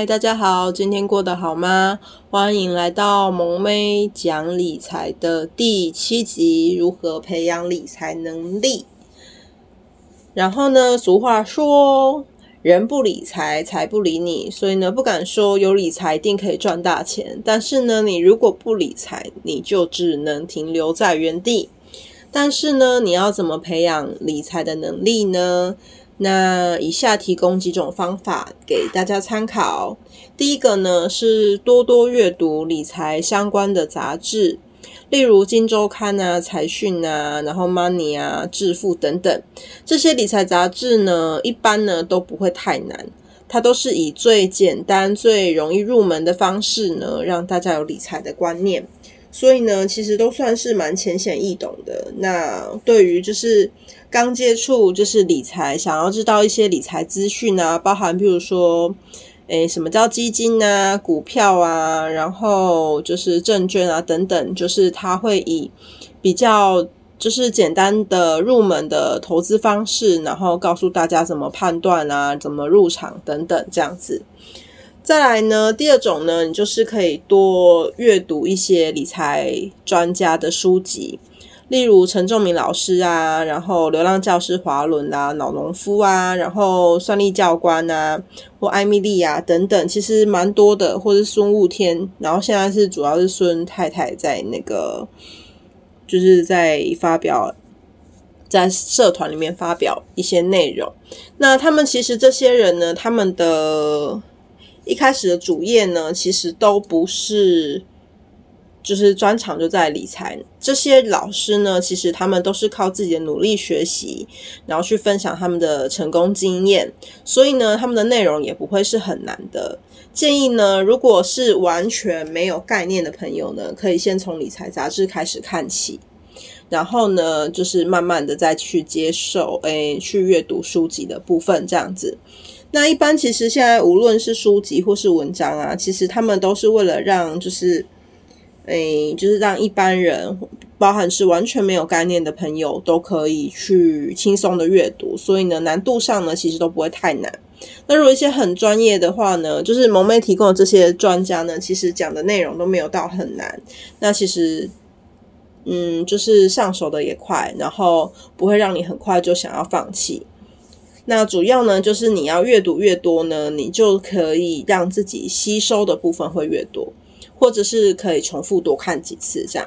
嗨，大家好，今天過得好嗎？歡迎來到萌咩講理財的第七集，如何培養理財能力。然後呢，俗話說，人不理財，財不理你，所以呢，不敢說有理財一定可以賺大錢，但是呢，你如果不理財，你就只能停留在原地。但是呢，你要怎麼培養理財的能力呢？那以下提供幾種方法給大家參考。第一個呢是多多閱讀理財相關的雜誌，例如《今周刊》啊、《財訊》啊，然後《Money》啊、《致富》等等這些理財雜誌呢，一般呢都不會太難，它都是以最簡單、最容易入門的方式呢，讓大家有理財的觀念。所以呢，其實都算是蠻淺顯易懂的。那對於就是剛接觸就是理財，想要知道一些理財資訊啊，包含比如說，誒，什麼叫基金啊、股票啊，然後就是證券啊等等，就是他會以比較就是簡單的入門的投資方式，然後告訴大家怎麼判斷啊、怎麼入場等等這樣子。再來呢，第二種呢，你就是可以多閱讀一些理財專家的書籍，例如陳重銘老師啊，然後流浪教師華倫啊，老農夫啊，然後算利教官啊，或艾蜜莉啊等等，其實蠻多的，或是孫悟天，然後現在是主要是孫太太在那個，就是在發表，在社團裡面發表一些內容。那他們其實這些人呢，他們的。一開始的主業，呢其實都不是，就是專長就在理財。這些老師呢，其實他們都是靠自己的努力學習，然後去分享他們的成功經驗。所以呢，他們的內容也不會是很難的。建議呢，如果是完全沒有概念的朋友呢，可以先從理財雜誌開始看起，然後呢，就是慢慢的再去接受，誒、欸，去閱讀書籍的部分，這樣子。那一般其實現在無論是書籍或是文章啊，其實他們都是為了讓就是，誒、欸，就是讓一般人，包含是完全沒有概念的朋友，都可以去輕鬆的閱讀。所以呢，難度上呢，其實都不會太難。那如果一些很專業的話呢，就是萌咩提供的這些專家呢，其實講的內容都沒有到很難。那其實，嗯，就是上手的也快，然後不會讓你很快就想要放棄。那主要呢，就是你要閱讀越多呢，你就可以讓自己吸收的部分會越多，或者是可以重複多看幾次這樣。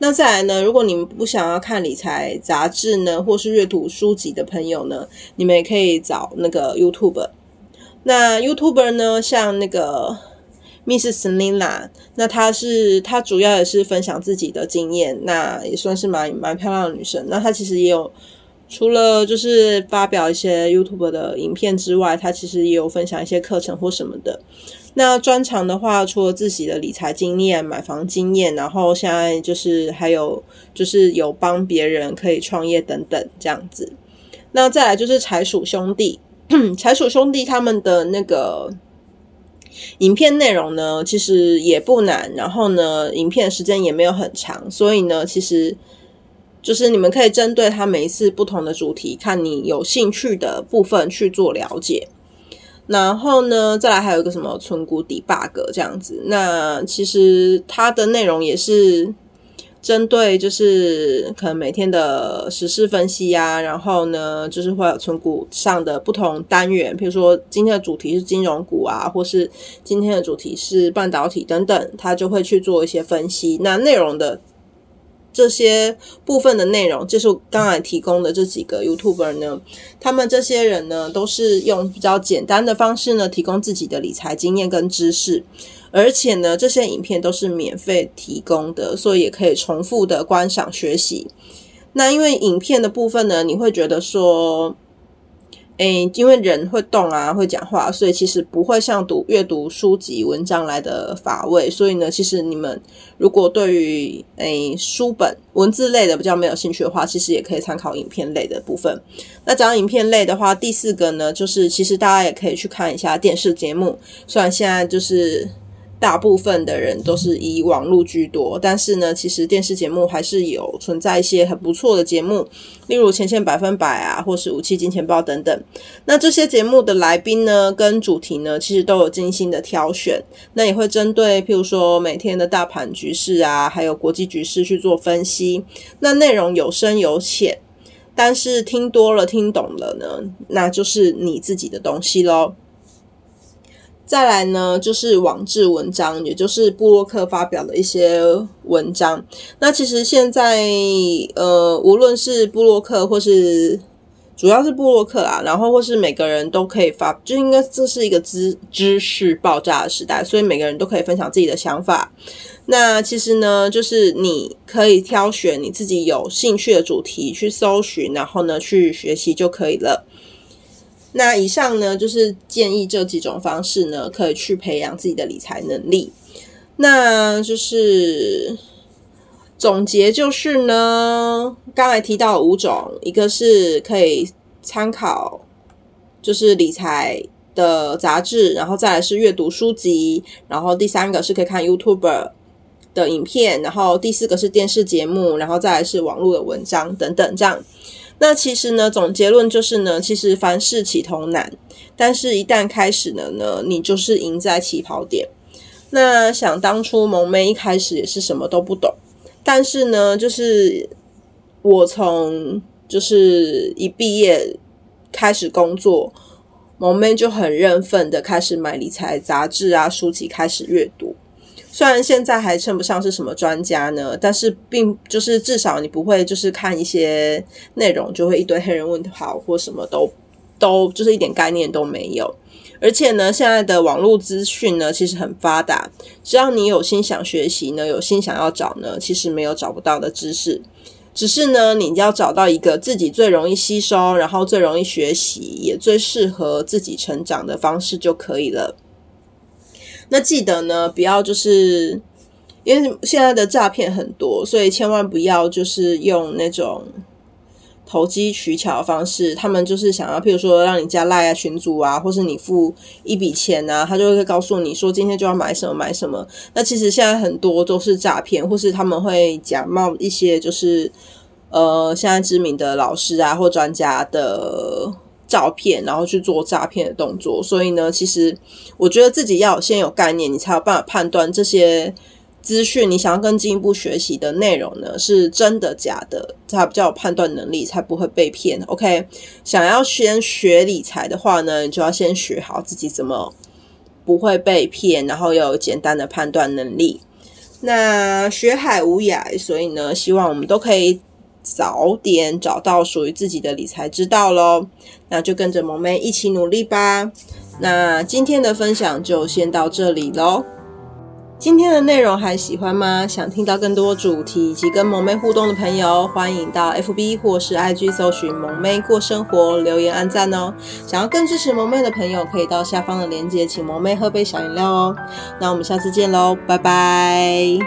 那再來呢，如果你們不想要看理財雜誌呢，或是閱讀書籍的朋友呢，你們也可以找那個 YouTuber。那 YouTuber 呢，像那個 Miss Selina，那她是她主要也是分享自己的經驗，那也算是蠻蠻漂亮的女生。那她其實也有。除了就是發表一些 YouTube 的影片之外，他其實也有分享一些課程或什麼的。那專長的話，除了自己的理財經驗、買房經驗，然後現在就是還有就是有幫別人可以創業等等這樣子。那再來就是柴鼠兄弟，柴鼠 兄弟他們的那個影片內容呢，其實也不難，然後呢影片時間也沒有很長，所以呢其實。就是你們可以針對它每一次不同的主題，看你有興趣的部分去做了解。然後呢，再來還有一個什麼存股 debug 這樣子，那其實它的內容也是針對就是可能每天的時事分析啊，然後呢就是會有存股上的不同單元，比如說今天的主題是金融股啊，或是今天的主題是半導體等等，它就會去做一些分析。那內容的。這些部分的內容，就是剛才提供的這幾個 YouTuber 呢，他們這些人呢，都是用比較簡單的方式呢，提供自己的理財經驗跟知識，而且呢，這些影片都是免費提供的，所以也可以重複的觀賞學習。那因為影片的部分呢，你會覺得說。哎、欸，因為人會動啊，會講話，所以其實不會像讀閱讀書籍文章來的乏味。所以呢，其實你們如果對於哎、欸、書本文字類的比較沒有興趣的話，其實也可以參考影片類的部分。那講影片類的話，第四個呢，就是其實大家也可以去看一下電視節目。雖然現在就是。大部分的人都是以網絡居多，但是呢，其實電視節目還是有存在一些很不錯的節目，例如《錢線百分百》啊，或是《五七金錢爆》等等。那這些節目的來賓呢，跟主題呢，其實都有精心的挑選。那也會針對譬如說每天的大盤局勢啊，還有國際局勢去做分析。那內容有深有淺，但是聽多了、聽懂了呢，那就是你自己的東西嘍。再來呢，就是網誌文章，也就是部落客發表的一些文章。那其實現在，呃，無論是部落客，或是主要是部落客啊，然後或是每個人都可以發，就應該這是一個知知識爆炸的時代，所以每個人都可以分享自己的想法。那其實呢，就是你可以挑選你自己有興趣的主題去搜尋，然後呢去學習就可以了。那以上呢，就是建議這幾種方式呢，可以去培養自己的理財能力。那就是總結，就是呢，剛才提到五種，一個是可以參考，就是理財的雜誌，然後再來是閱讀書籍，然後第三個是可以看 YouTuber 的影片，然後第四個是電視節目，然後再來是網絡的文章等等，這樣。那其實呢，總結論就是呢，其實凡事起頭難，但是一旦開始了呢，你就是贏在起跑點。那想當初萌咩一開始也是什麼都不懂，但是呢，就是我從就是一畢業開始工作，萌咩就很認份的開始買理財雜誌啊、書籍開始閱讀。雖然現在還稱不上是什麼專家呢，但是並就是至少你不會就是看一些內容就會一堆黑人問號，或什麼都都就是一點概念都沒有。而且呢，現在的網絡資訊呢其實很發達，只要你有心想學習呢，有心想要找呢，其實沒有找不到的知識，只是呢你要找到一個自己最容易吸收，然後最容易學習，也最適合自己成長的方式就可以了。那記得呢，不要就是因為現在的詐騙很多，所以千萬不要就是用那種投機取巧的方式。他們就是想要，譬如說讓你加賴加 Line 啊群組啊，或是你付一筆錢啊，他就會告訴你說今天就要買什麼買什麼。那其實現在很多都是詐騙，或是他們會假冒一些就是呃現在知名的老師啊或專家的。照片，然後去做詐騙的動作。所以呢，其實我覺得自己要先有概念，你才有辦法判斷這些資訊。你想要更進一步學習的內容呢，是真的假的，才比較有判斷能力，才不會被騙。OK，想要先學理財的話呢，你就要先學好自己怎麼不會被騙，然後有簡單的判斷能力。那學海無涯，所以呢，希望我們都可以。早點找到屬於自己的理財之道嘍，那就跟着萌咩一起努力吧。那今天的分享就先到這裡嘍。今天的內容還喜歡嗎？想聽到更多主題以及跟萌咩互動的朋友，歡迎到 FB 或是 IG 搜尋“萌咩過生活”，留言按讚哦。想要更支持萌咩的朋友，可以到下方的鏈接，請萌咩喝杯小飲料哦。那我們下次見嘍，拜拜。